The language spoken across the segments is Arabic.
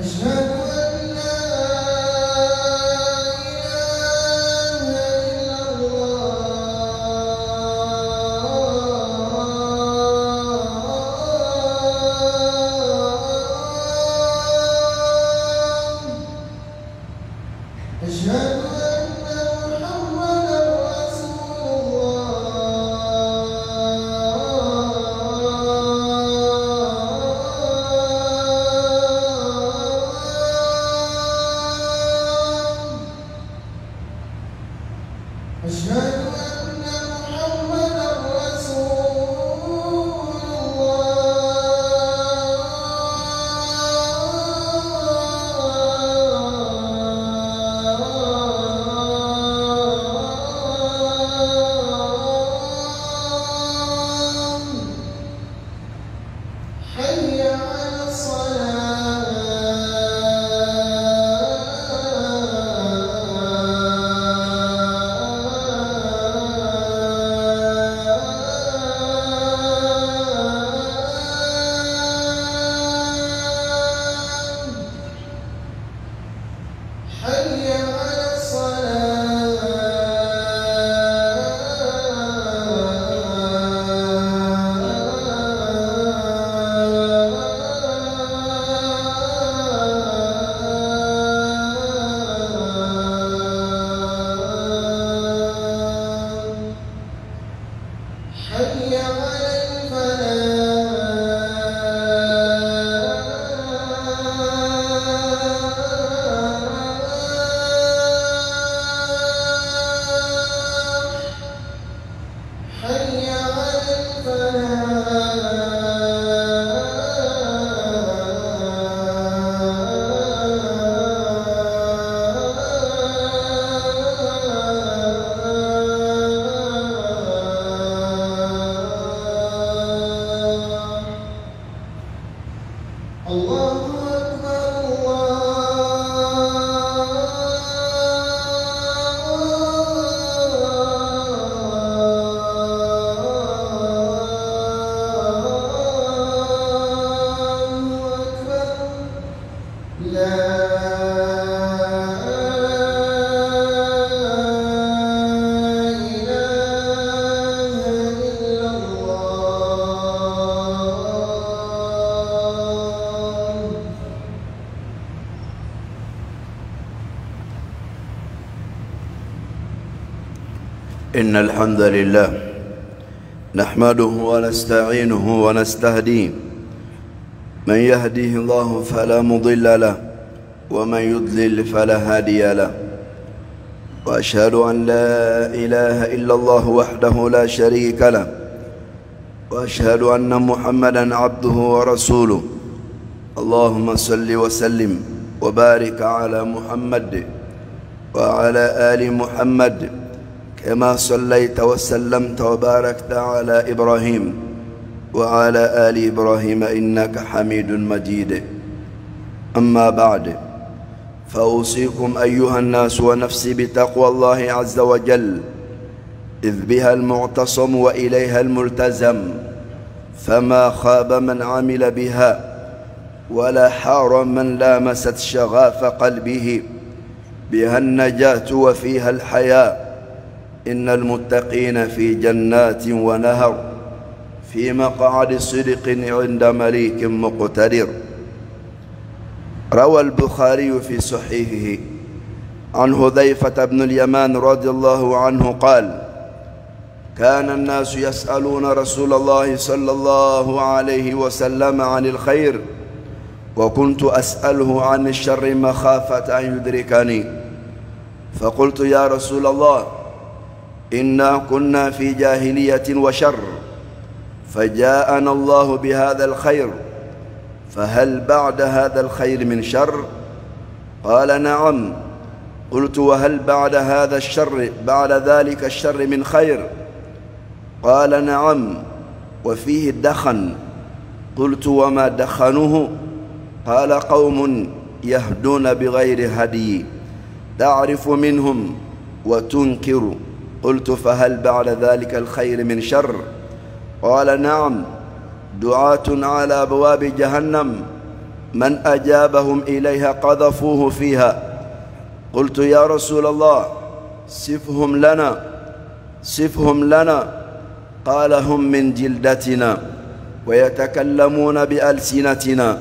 has no إن الحمد لله نحمده ونستعينه ونستهديه من يهديه الله فلا مضل له ومن يضلل فلا هادي له وأشهد أن لا إله إلا الله وحده لا شريك له وأشهد أن محمدا عبده ورسوله اللهم صل وسلم وبارك على محمد وعلى آل محمد كما صليت وسلمت وباركت على إبراهيم وعلى آل إبراهيم إنك حميد مجيد أما بعد فأوصيكم أيها الناس ونفسي بتقوى الله عز وجل إذ بها المعتصم وإليها الملتزم فما خاب من عمل بها ولا حار من لامست شغاف قلبه بها النجاة وفيها الحياة إن المتقين في جنات ونهر في مقعد صدق عند مليك مقتدر روى البخاري في صحيحه عن هذيفة بن اليمان رضي الله عنه قال كان الناس يسألون رسول الله صلى الله عليه وسلم عن الخير وكنت أسأله عن الشر مخافة أن يدركني فقلت يا رسول الله إنا كنا في جاهلية وشر فجاءنا الله بهذا الخير فهل بعد هذا الخير من شر قال نعم قلت وهل بعد هذا الشر بعد ذلك الشر من خير قال نعم وفيه دخن قلت وما دخنه قال قوم يهدون بغير هدي تعرف منهم وتنكر قلت فهل بعد ذلك الخير من شر قال نعم دعاة على أبواب جهنم من أجابهم إليها قذفوه فيها قلت يا رسول الله سفهم لنا سفهم لنا قال هم من جلدتنا ويتكلمون بألسنتنا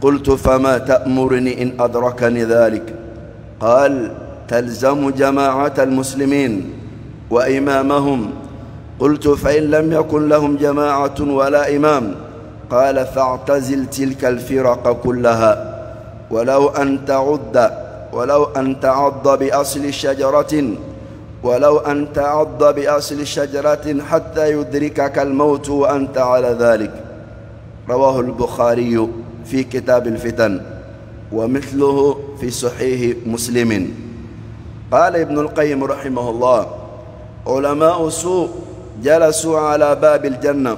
قلت فما تأمرني إن أدركني ذلك قال تلزم جماعة المسلمين وإمامهم قلت فإن لم يكن لهم جماعة ولا إمام قال فاعتزل تلك الفرق كلها ولو أن تعد ولو أن تعض بأصل شجرة ولو أن تعض بأصل شجرة حتى يدركك الموت وأنت على ذلك رواه البخاري في كتاب الفتن ومثله في صحيح مسلم قال ابن القيم رحمه الله علماء سوء جلسوا على باب الجنة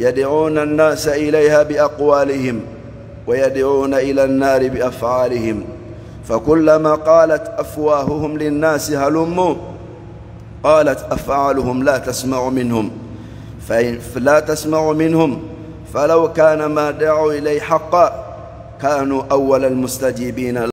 يدعون الناس إليها بأقوالهم ويدعون إلى النار بأفعالهم فكلما قالت أفواههم للناس هلموا قالت أفعالهم لا تسمع منهم فلا تسمع منهم فلو كان ما دعوا إليه حقا كانوا أول المستجيبين